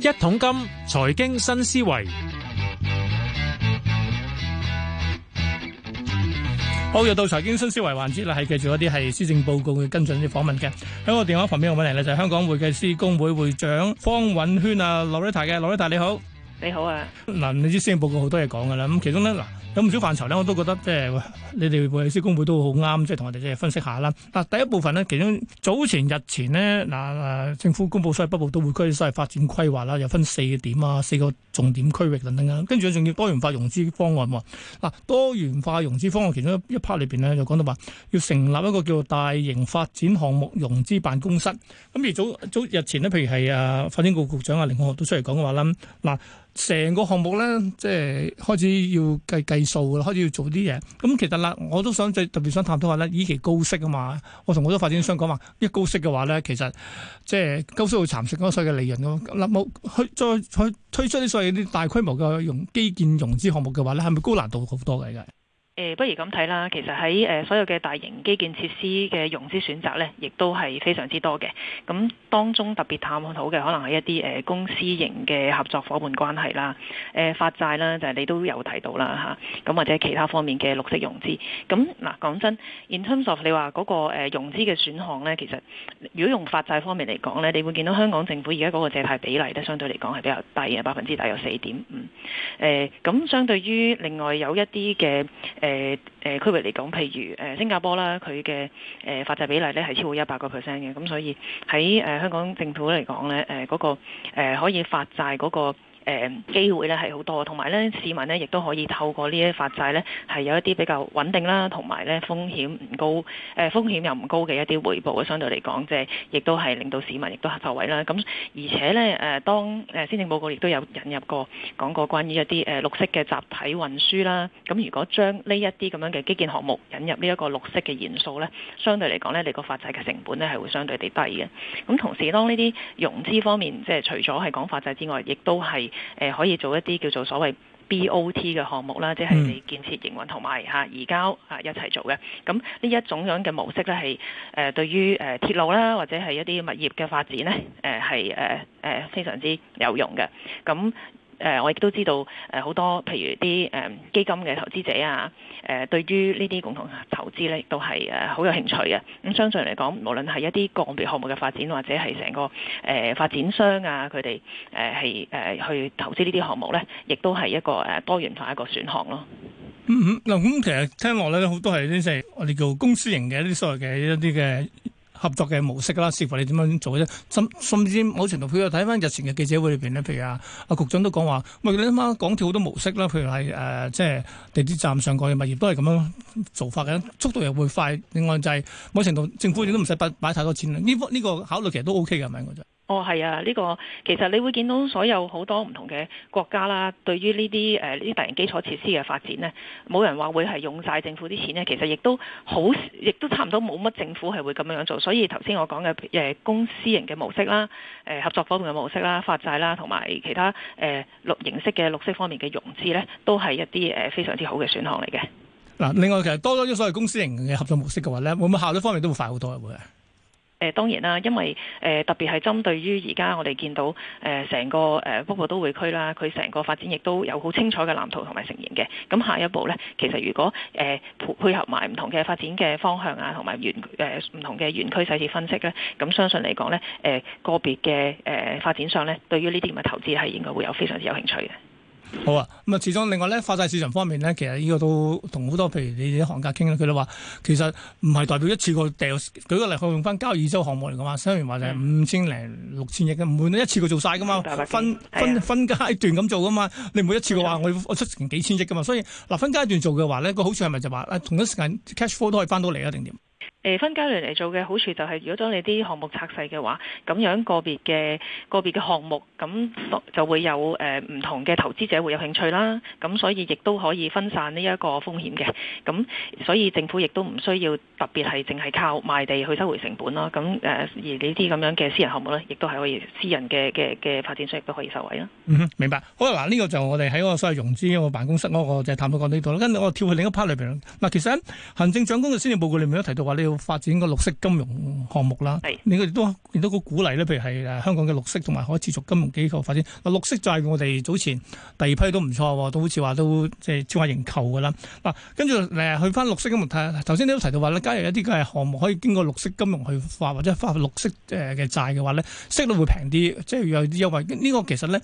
一桶金財經新思維，好又到財經新思維環節啦，係繼續一啲係施政報告嘅跟進啲訪問嘅。喺我電話旁邊嘅問題咧，就係香港會計師公會會長方蘊萱啊，Loretta 嘅 Loretta 你好，你好啊。嗱，你知施政報告好多嘢講噶啦，咁其中咧嗱。有唔少範疇咧，我都覺得即係你哋會計師公會都好啱，即係同我哋即係分析下啦。嗱，第一部分呢，其中早前日前呢，嗱誒政府公佈所謂北部都會區所謂發展規劃啦，又分四點啊，四個重點區域等等啊。跟住仲要多元化融資方案喎。嗱，多元化融資方案其中一 part 裏邊呢，就講到話要成立一個叫做大型發展項目融資辦公室。咁而早早日前呢，譬如係誒發展局局長啊，甯漢豪都出嚟講嘅話啦，嗱。成個項目咧，即係開始要計計數啦，開始要做啲嘢。咁其實啦，我都想最特別想探討下咧，以期高息啊嘛，我同好多發展商講話，一高息嘅話咧，其實即係高息會蠶食嗰所嘅利潤咁。嗱，冇去再去推出啲所以啲大規模嘅融基建融資項目嘅話咧，係咪高難度好多嘅而家？誒、呃，不如咁睇啦。其實喺誒、呃、所有嘅大型基建設施嘅融資選擇呢，亦都係非常之多嘅。咁當中特別探討嘅，可能係一啲誒、呃、公司型嘅合作伙伴關係啦。誒、呃、發債啦，就係、是、你都有提到啦嚇。咁、啊、或者其他方面嘅綠色融資。咁、嗯、嗱、啊，講真，in terms of 你話嗰、那個、呃、融資嘅選項呢，其實如果用發債方面嚟講呢，你會見到香港政府而家嗰個借貸比例呢，相對嚟講係比較低嘅，百分之大約四點。嗯、呃。誒，咁相對於另外有一啲嘅。呃 uh, 誒誒、呃呃、區域嚟講，譬如誒、呃、新加坡啦，佢嘅誒發債比例咧係超過一百個 percent 嘅，咁所以喺誒、呃、香港政府嚟講咧，誒、呃、嗰、那個、呃、可以發債嗰、那個。誒、嗯、機會咧係好多，同埋咧市民咧亦都可以透過債呢一發債咧係有一啲比較穩定啦，同埋咧風險唔高，誒、呃、風險又唔高嘅一啲回報啊，相對嚟講即係亦都係令到市民亦都受惠啦。咁、嗯、而且咧誒、呃，當誒施政報告亦都有引入過講過關於一啲誒綠色嘅集體運輸啦。咁、嗯、如果將呢一啲咁樣嘅基建項目引入呢一個綠色嘅元素咧，相對嚟講咧你個發債嘅成本咧係會相對地低嘅。咁、嗯、同時當呢啲融資方面即係除咗係講發債之外，亦都係誒、呃，可以做一啲叫做所謂 BOT 嘅項目啦，即係你建設營運同埋吓移交啊一齊做嘅。咁呢一種樣嘅模式咧，係、呃、誒對於誒鐵、呃、路啦，或者係一啲物業嘅發展咧，誒係誒誒非常之有用嘅。咁誒、呃，我亦都知道誒，好、呃、多譬如啲誒、嗯、基金嘅投資者啊，誒、呃、對於呢啲共同投資咧，都係誒好有興趣嘅。咁、嗯、相信嚟講，無論係一啲個別項目嘅發展，或者係成個誒、呃、發展商啊，佢哋誒係誒去投資呢啲項目咧，亦都係一個誒多元化一個選項咯。嗯嗯，嗱、嗯、咁、嗯、其實聽落咧，好多係啲即係我哋叫公司型嘅一啲所謂嘅一啲嘅。合作嘅模式啦，視乎你點樣做啫。甚甚至某程度，譬如睇返日前嘅記者會裏邊咧，譬如啊，阿局長都講話，喂，你啱啱講咗好多模式啦。譬如係誒、呃，即係地鐵站上蓋嘅物業都係咁樣做法嘅，速度又會快，另外就係某程度政府你都唔使擺擺太多錢啦。呢、這、呢個考慮其實都 O K 嘅，係咪我哋？哦，係啊，呢、這個其實你會見到所有好多唔同嘅國家啦，對於呢啲誒呢啲大型基礎設施嘅發展呢，冇人話會係用晒政府啲錢呢。其實亦都好，亦都差唔多冇乜政府係會咁樣樣做。所以頭先我講嘅誒公私營嘅模式啦，誒、呃、合作方面嘅模式啦，發債啦，同埋其他誒綠、呃、形式嘅綠色方面嘅融資呢，都係一啲誒、呃、非常之好嘅選項嚟嘅。嗱，另外其實多咗所謂公私營嘅合作模式嘅話呢，會唔會效率方面都會快好多啊？會誒，當然啦，因為誒、呃、特別係針對於而家我哋見到誒成、呃、個誒北部都會區啦，佢成個發展亦都有好清楚嘅藍圖同埋成形嘅。咁下一步咧，其實如果誒配、呃、配合埋唔同嘅發展嘅方向啊，呃、同埋園誒唔同嘅園區細節分析咧，咁相信嚟講咧，誒、呃、個別嘅誒發展商咧，對於呢啲咁嘅投資係應該會有非常之有興趣嘅。好啊，咁啊，始終另外咧，發債市場方面咧，其實呢個都同好多，譬如你哋啲行家傾啦，佢都話其實唔係代表一次過掉，舉個例，佢用翻交椅洲項目嚟噶嘛，雖然話就係五千零六千億嘅，唔會一次過做晒噶嘛，分分分、哎、呀分、分階段咁做噶嘛，你唔會一次過話我出成幾千億噶嘛，所以嗱分階段做嘅話咧，個好處係咪就話啊同一時間 cash flow 都可以翻到嚟啊定點？誒分階段嚟做嘅好處就係、是，如果當你啲項目拆細嘅話，咁樣個別嘅個別嘅項目，咁就會有誒唔、呃、同嘅投資者會有興趣啦。咁所以亦都可以分散呢一個風險嘅。咁所以政府亦都唔需要特別係淨係靠賣地去收回成本咯。咁誒、呃、而呢啲咁樣嘅私人項目咧，亦都係可以私人嘅嘅嘅發展商亦都可以受惠啦、嗯。明白。好啦，嗱呢、這個就我哋喺嗰個所謂融資嘅辦公室嗰個就探討講呢度啦。跟住我跳去另一 part 裏邊嗱，其實行政長官嘅施政報告裏面都提到話你發展個綠色金融項目啦，的你哋都見到好鼓勵咧，譬如係誒香港嘅綠色同埋可持續金融機構發展，嗱綠色債我哋早前第二批都唔錯，都好似話都即係超過認購噶啦。嗱，跟住誒去翻綠色嘅問題，頭先你都提到話咧，加入一啲嘅項目可以經過綠色金融去發或者發綠色嘅債嘅話咧，息率會平啲，即係有啲優惠。呢個其實咧，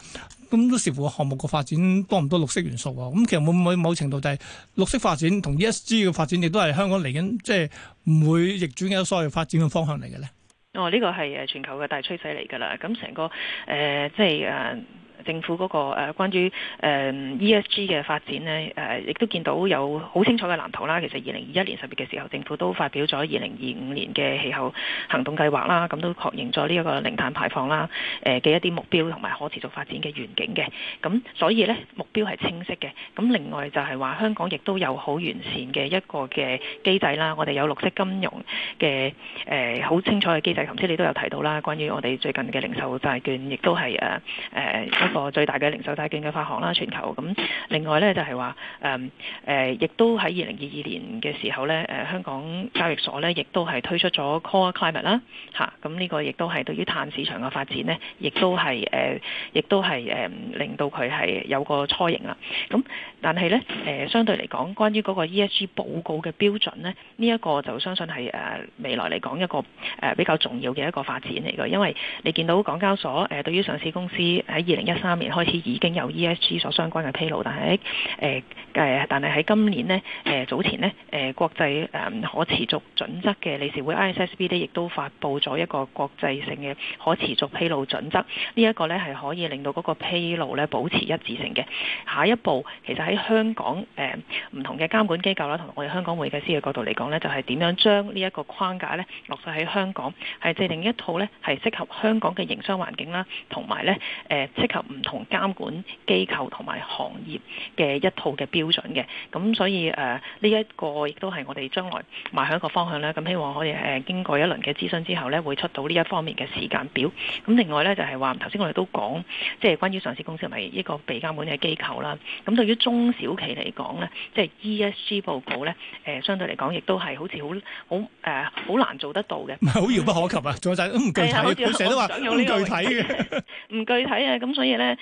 咁都視乎個項目個發展多唔多綠色元素啊。咁其實會唔會某程度就係綠色發展同 E S G 嘅發展亦都係香港嚟緊即係。就是唔會逆轉嘅所謂發展嘅方向嚟嘅咧。哦，呢、這個係誒全球嘅大趨勢嚟噶啦。咁成個誒、呃、即係誒。呃政府嗰個誒關於 ESG 嘅發展呢，誒亦都見到有好清楚嘅藍圖啦。其實二零二一年十月嘅時候，政府都發表咗二零二五年嘅氣候行動計劃啦，咁都確認咗呢一個零碳排放啦，誒嘅一啲目標同埋可持續發展嘅願景嘅。咁所以呢，目標係清晰嘅。咁另外就係話香港亦都有好完善嘅一個嘅機制啦。我哋有綠色金融嘅誒好清楚嘅機制，頭先你都有提到啦。關於我哋最近嘅零售債券，亦都係誒誒。呃個最大嘅零售債券嘅發行啦，全球咁。另外呢，就係話誒誒，亦、呃、都喺二零二二年嘅時候呢，誒、呃、香港交易所呢，亦都係推出咗 Core Climate 啦、啊，嚇、嗯。咁、這、呢個亦都係對於碳市場嘅發展呢，亦都係誒，亦、呃、都係誒、呃，令到佢係有個雛形啦。咁、嗯、但係呢，誒、呃，相對嚟講，關於嗰個 ESG 報告嘅標準呢，呢、這、一個就相信係誒、呃、未來嚟講一個誒、呃、比較重要嘅一個發展嚟嘅。因為你見到港交所誒對於上市公司喺二零一。三年開始已經有 ESG 所相關嘅披露，但係喺誒但係喺今年咧誒、呃、早前咧誒、呃、國際誒、呃、可持續準則嘅理事會 ISSB 呢亦都發布咗一個國際性嘅可持續披露準則。這個、呢一個咧係可以令到嗰個披露咧保持一致性嘅。下一步其實喺香港誒唔、呃、同嘅監管機構啦，同我哋香港會計師嘅角度嚟講呢就係、是、點樣將呢一個框架咧落實喺香港，係制定一套咧係適合香港嘅營商環境啦，同埋咧誒適合。唔同監管機構同埋行業嘅一套嘅標準嘅，咁所以誒呢、呃、一個亦都係我哋將來邁向一個方向啦。咁希望可以誒、呃、經過一輪嘅諮詢之後咧，會出到呢一方面嘅時間表。咁另外咧就係話頭先我哋都講，即係關於上市公司同埋一個被監管嘅機構啦。咁對於中小企嚟講咧，即係 ESG 報告咧，誒、呃、相對嚟講亦都係好似好好誒好難做得到嘅。唔係好遙不可及啊！仲有都唔具體，佢成日都話都具體嘅，唔具體啊！咁所以咧，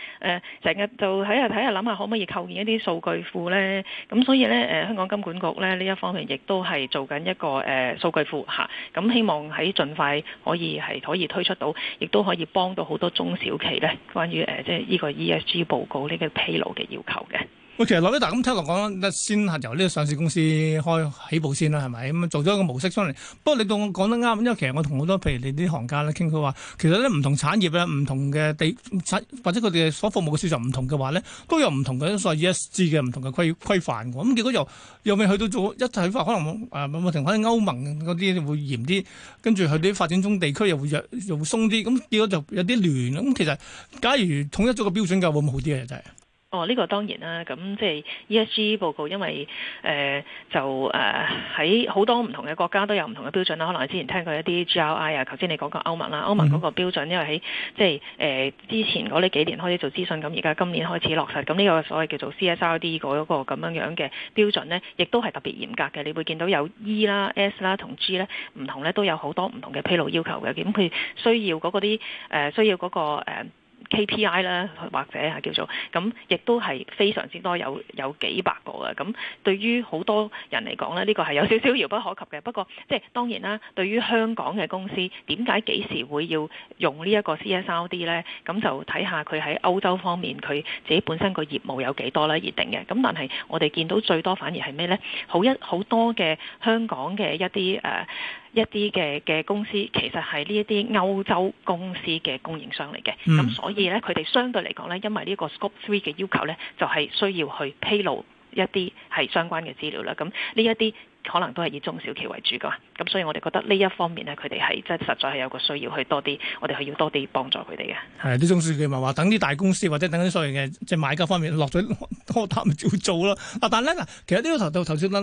成日、呃、就睇下睇下，諗下可唔可以構建一啲數據庫咧？咁所以咧，誒、呃，香港金管局咧呢一方面亦都係做緊一個誒、呃、數據庫嚇，咁、啊、希望喺盡快可以係可以推出到，亦都可以幫到好多中小企咧，關於誒、呃、即係呢個 ESG 報告呢個披露嘅要求嘅。其實落尾大咁聽落講，先係由呢個上市公司開起步先啦，係咪咁做咗一個模式出嚟？不過你當我講得啱，因為其實我同好多譬如你啲行家咧傾，佢話其實咧唔同產業唔同嘅地產或者佢哋所服務嘅市場唔同嘅話呢，都有唔同嘅所謂 ESG 嘅唔同嘅規規範嘅。咁、嗯、結果又又未去到做一體化，可能啊，某程度可能歐盟嗰啲會嚴啲，跟住佢哋發展中地區又會弱又會鬆啲。咁、嗯、結果就有啲亂。咁、嗯、其實假如統一咗個標準嘅話，會唔會好啲嘅真係？哦，呢、這個當然啦，咁、嗯、即係 ESG 報告，因為誒、呃、就誒喺好多唔同嘅國家都有唔同嘅標準啦。可能你之前聽過一啲 GRI 啊，頭先你講過歐盟啦，歐盟嗰個標準，因為喺即係誒、呃、之前嗰呢幾年開始做諮詢，咁而家今年開始落實，咁、嗯、呢、這個所謂叫做 CSRD 嗰個咁樣樣嘅標準咧，亦都係特別嚴格嘅。你會見到有 E 啦、S 啦同 G 咧唔同咧都有好多唔同嘅披露要求嘅，咁佢需要嗰個啲誒、呃、需要嗰、那個、呃呃 KPI 啦、PI，或者啊叫做咁，亦都係非常之多，有有幾百個嘅。咁對於好多人嚟講咧，呢、呢個係有少少遙不可及嘅。不過，即係當然啦，對於香港嘅公司，點解幾時會要用呢一個 CSRD 呢？咁就睇下佢喺歐洲方面，佢自己本身個業務有幾多啦而定嘅。咁但係我哋見到最多反而係咩呢？好一好多嘅香港嘅一啲誒。呃一啲嘅嘅公司其實係呢一啲歐洲公司嘅供應商嚟嘅，咁 所以咧佢哋相對嚟講咧，因為呢個 Scope Three 嘅要求咧，就係、是、需要去披露一啲係相關嘅資料啦。咁呢一啲。可能都係以中小企為主噶，咁所以我哋覺得呢一方面咧，佢哋係即係實在係有個需要去多啲，我哋去要多啲幫助佢哋嘅。係啲中小企咪話等啲大公司或者等啲所謂嘅即係買家方面落咗 order 咪要做咯、啊。但係咧嗱，其實呢、呢個頭頭先咧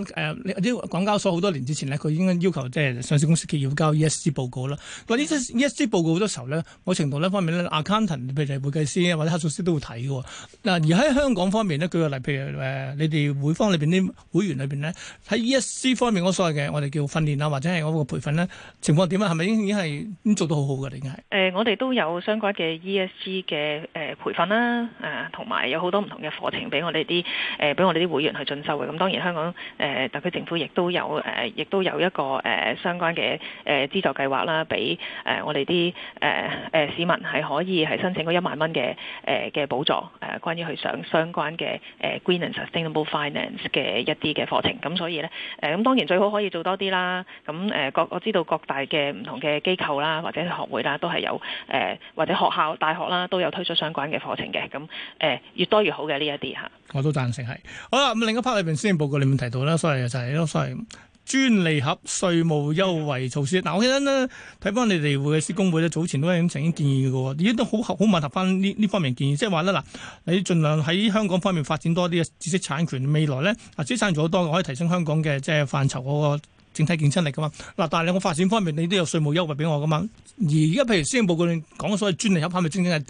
呢個港交所好多年之前咧，佢已經要求即係上市公司企業要交 ESG 報告啦。嗱呢啲 ESG 報告好多時候咧，某、那個、程度呢方面咧 accountant 譬如係會計師或者核數師都會睇嘅。嗱、啊、而喺香港方面咧，舉個例譬如誒，你哋會方裏邊啲會員裏邊咧，喺 ESG 呢方面我所謂嘅，我哋叫訓練啊，或者係嗰個培訓咧、啊，情況點啊？係咪已經係做到好好噶？點解？誒，我哋都有相關嘅 ESG 嘅誒、呃、培訓啦、啊，誒，同埋有好多唔同嘅課程俾我哋啲誒，俾、呃、我哋啲會員去進修嘅。咁當然香港誒，特區政府亦都有誒，亦、呃、都有一個誒、呃、相關嘅誒資助計劃啦，俾誒我哋啲誒誒市民係可以係申請嗰一萬蚊嘅誒嘅補助誒、呃，關於去上相關嘅誒 Green and Sustainable Finance 嘅一啲嘅課程。咁所以呢。誒、呃。呃呃呃呃呃咁當然最好可以做多啲啦。咁、嗯、誒，我、呃、我知道各大嘅唔同嘅機構啦，或者學會啦，都係有誒、呃，或者學校、大學啦，都有推出相關嘅課程嘅。咁、嗯、誒、呃，越多越好嘅呢一啲嚇。我都贊成係好啦。咁另一 part 裏邊，施政報告你咪提到啦，所以就係咯，所以。專利盒稅務優惠措施，嗱、啊、我記得呢，睇翻你哋會計師公會咧，早前都有曾經建議嘅喎，而家都好好吻合翻呢呢方面建議，即係話咧嗱，你儘量喺香港方面發展多啲嘅知識產權，未來呢，啊知識產權多，多可以提升香港嘅即係範疇嗰個整體競爭力噶嘛，嗱、啊、但係我發展方面你都有稅務優惠俾我噶嘛，而而家譬如先報告講咗所謂專利盒係咪正正係？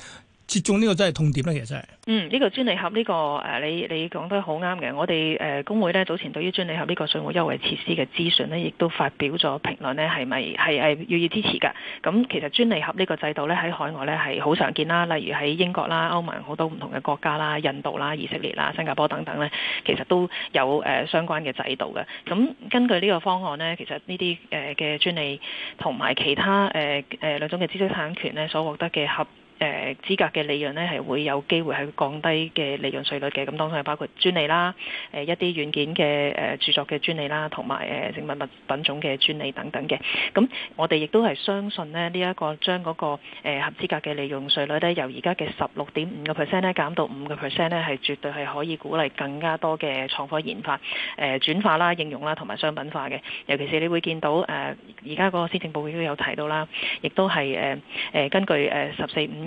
接種呢個真係痛點咧，其實係。嗯，呢個專利盒呢個誒，你你講得好啱嘅。我哋誒公會咧，早前對於專利盒呢個稅務優惠設施嘅諮詢咧，亦都發表咗評論呢，係咪係係要要支持㗎？咁其實專利盒呢個制度咧，喺海外咧係好常見啦，例如喺英國啦、歐盟好多唔同嘅國家啦、印度啦、以色列啦、新加坡等等咧，其實都有誒相關嘅制度嘅。咁根據呢個方案呢，其實呢啲誒嘅專利同埋其他誒誒、呃呃、兩種嘅知識產權咧，所獲得嘅合誒資格嘅利潤咧，係會有機會係降低嘅利潤稅率嘅。咁當然係包括專利啦，誒一啲軟件嘅誒著作嘅專利啦，同埋誒植物物品種嘅專利等等嘅。咁我哋亦都係相信咧，呢一個將嗰個合資格嘅利用稅率咧、呃呃嗯這個那個呃，由而家嘅十六點五個 percent 咧，減到五個 percent 咧，係絕對係可以鼓勵更加多嘅創科研發誒轉、呃、化啦、應用啦同埋商品化嘅。尤其是你會見到誒而家嗰個施政報告都有提到啦，亦都係誒誒根據誒十四五。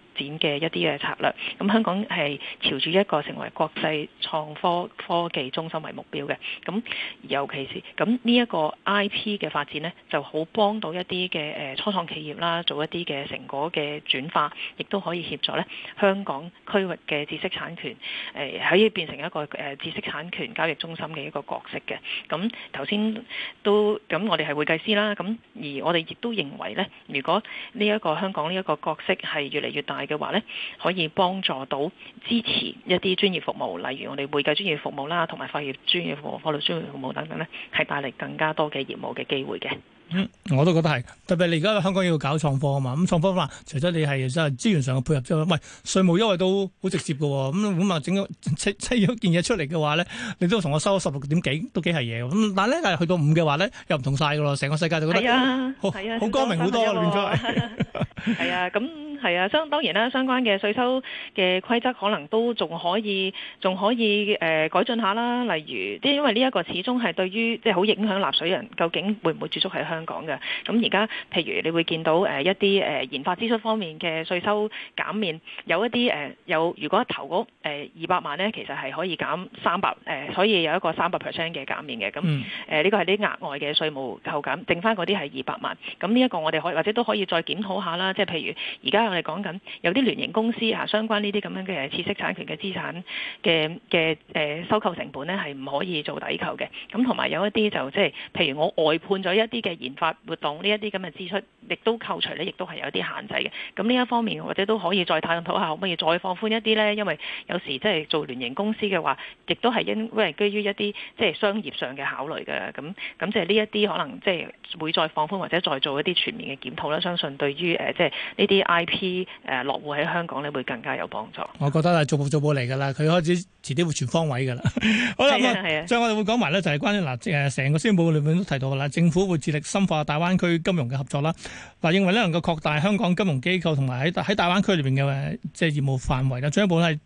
展嘅一啲嘅策略，咁香港係朝住一個成為國際創科科技中心為目標嘅，咁尤其是咁呢一個 IP 嘅發展咧，就好幫到一啲嘅誒初創企業啦，做一啲嘅成果嘅轉化，亦都可以協助咧香港區域嘅知識產權，誒、呃，可以變成一個誒知識產權交易中心嘅一個角色嘅。咁頭先都咁我哋係會計師啦，咁而我哋亦都認為咧，如果呢一個香港呢一個角色係越嚟越大。嘅話咧，可以幫助到支持一啲專業服務，例如我哋會計專業服務啦，同埋法律專業服務、法律專業服務等等咧，係帶嚟更加多嘅業務嘅機會嘅。嗯，我都覺得係，特別你而家香港要搞創科啊嘛，咁創科嘛，除咗你係真係資源上嘅配合之外，喂，稅務優惠都好直接㗎，咁咁啊整咗砌砌咗件嘢出嚟嘅話咧，你都同我收咗十六點幾，都幾係嘢咁。但係咧，但係去到五嘅話咧，又唔同曬㗎咯，成個世界就覺得係啊，好係啊，好光明好多啊，變咗係啊，咁係啊，相當然啦，相關嘅稅收嘅規則可能都仲可以，仲可以誒改進下啦。例如啲，因為呢一個始終係對於即係好影響納稅人究竟會唔會住足喺香。講嘅，咁而家譬如你會見到誒、呃、一啲誒、呃、研發支出方面嘅稅收減免，有一啲誒有如果投嗰誒二百萬咧，其實係可以減三百誒，所以有一個三百 percent 嘅減免嘅，咁誒呢個係啲額外嘅稅務扣減，剩翻嗰啲係二百萬，咁呢一個我哋可以，或者都可以再檢討下啦，即係譬如而家我哋講緊有啲聯營公司啊，相關呢啲咁樣嘅知識產權嘅資產嘅嘅誒收購成本咧係唔可以做抵扣嘅，咁同埋有一啲就即係譬如我外判咗一啲嘅法活動呢一啲咁嘅支出，亦都扣除咧，亦都係有一啲限制嘅。咁呢一方面，或者都可以再探討下可唔可以再放寬一啲咧？因為有時即係做聯營公司嘅話，亦都係因，因為基於一啲即係商業上嘅考慮嘅。咁、嗯、咁即係呢一啲可能即係會再放寬或者再做一啲全面嘅檢討啦。相信對於誒即係呢啲 I P 誒落戶喺香港咧，會更加有幫助。我覺得係逐步逐步嚟㗎啦，佢開始遲啲會全方位㗎啦。 好啊係啊。所以我哋會講埋咧，就係、是、關於嗱誒成個新聞裏面都提到㗎啦，政府會致力。深化大灣區金融嘅合作啦，嗱，認為咧能夠擴大香港金融機構同埋喺喺大灣區裏邊嘅即係業務範圍啦，進一步係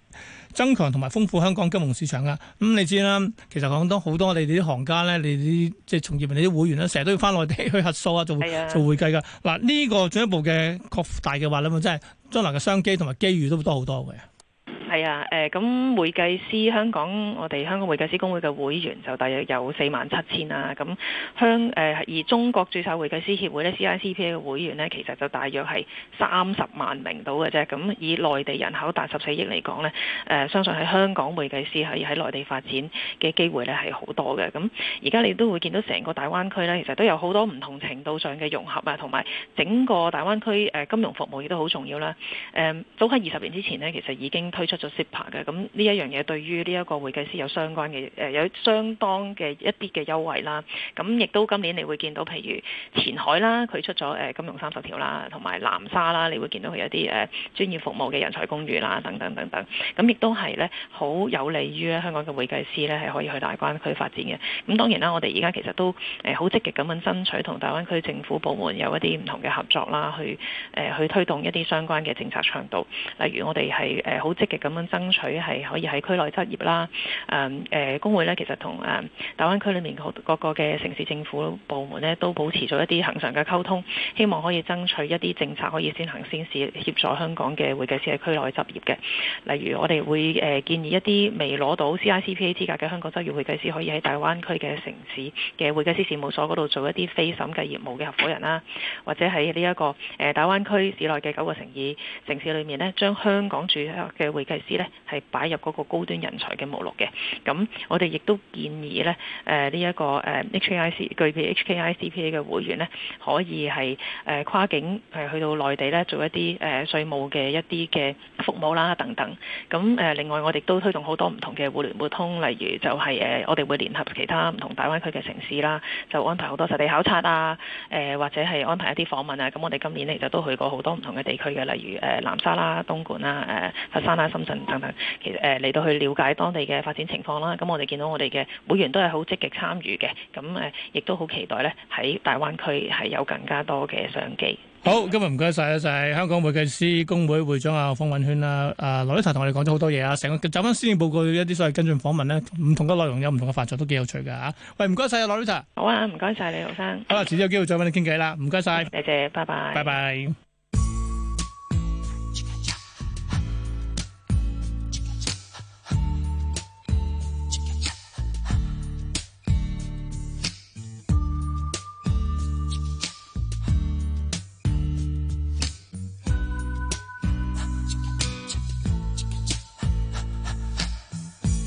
增強同埋豐富香港金融市場噶。咁、嗯、你知啦，其實廣東好多我哋啲行家咧，你啲即係從業人、你啲會員咧，成日都要翻內地去核數啊，做做會計噶。嗱、哎呀，呢個進一步嘅擴大嘅話咧，咁即係將來嘅商機同埋機遇都會多好多嘅。係啊，誒咁、嗯、會計師香港，我哋香港會計師公會嘅會員就大約有四萬七千啊，咁香誒而中國註冊會計師協會咧 （CICPA） 嘅會員呢，其實就大約係三十萬名到嘅啫。咁、嗯、以內地人口達十四億嚟講呢，誒、啊、相信喺香港會計師係喺內地發展嘅機會呢係好多嘅。咁而家你都會見到成個大灣區呢，其實都有好多唔同程度上嘅融合啊，同埋整個大灣區誒、啊、金融服務亦都好重要啦。誒、啊、早喺二十年之前呢，其實已經推出咗嘅，咁呢一樣嘢對於呢一個會計師有相關嘅誒、呃，有相當嘅一啲嘅優惠啦。咁亦都今年你會見到，譬如前海啦，佢出咗誒金融三十條啦，同埋南沙啦，你會見到佢有啲誒專業服務嘅人才公寓啦，等等等等。咁亦都係咧好有利於咧香港嘅會計師咧係可以去大灣區發展嘅。咁當然啦，我哋而家其實都誒好積極咁樣爭取同大灣區政府部門有一啲唔同嘅合作啦，去誒、呃、去推動一啲相關嘅政策倡導。例如我哋係誒好積極。咁樣爭取係可以喺區內執業啦，誒、嗯、誒、呃、公會呢，其實同誒大灣區裏面各個嘅城市政府部門呢，都保持咗一啲恒常嘅溝通，希望可以爭取一啲政策可以先行先試，協助香港嘅會計師喺區內執業嘅。例如，我哋會誒建議一啲未攞到 CICPA 資格嘅香港執業會計師，可以喺大灣區嘅城市嘅會計師事務所嗰度做一啲非審計業務嘅合夥人啦，或者喺呢一個誒、呃、大灣區市內嘅九個城市城市裏面呢，將香港住嘅會計師呢，係擺入嗰個高端人才嘅目錄嘅，咁我哋亦都建議咧，誒呢一個誒 HKIC，具備 HKICPA 嘅會員咧，可以係誒跨境誒去到內地咧做一啲誒稅務嘅一啲嘅服務啦等等。咁誒另外我哋都推動好多唔同嘅互聯互通，例如就係誒我哋會聯合其他唔同大灣區嘅城市啦，就安排好多實地考察啊，誒或者係安排一啲訪問啊。咁我哋今年咧就都去過好多唔同嘅地區嘅，例如誒南沙啦、東莞啦、誒佛山啦、等等，其實誒嚟到去了解當地嘅發展情況啦。咁我哋見到我哋嘅會員都係好積極參與嘅。咁誒，亦都好期待咧，喺大灣區係有更加多嘅商機。好，今日唔該晒啊，就係香港會計師公會會長阿方蘊萱啦。誒，羅律師同我哋講咗好多嘢啊。成個走翻先報告一啲，所謂跟進訪問咧，唔同嘅內容有唔同嘅範疇，都幾有趣噶吓。喂，唔該晒啊，羅律師。好啊，唔該晒李浩生。好啦，遲啲有機會再搵你傾偈啦。唔該晒。多謝，拜拜。拜拜。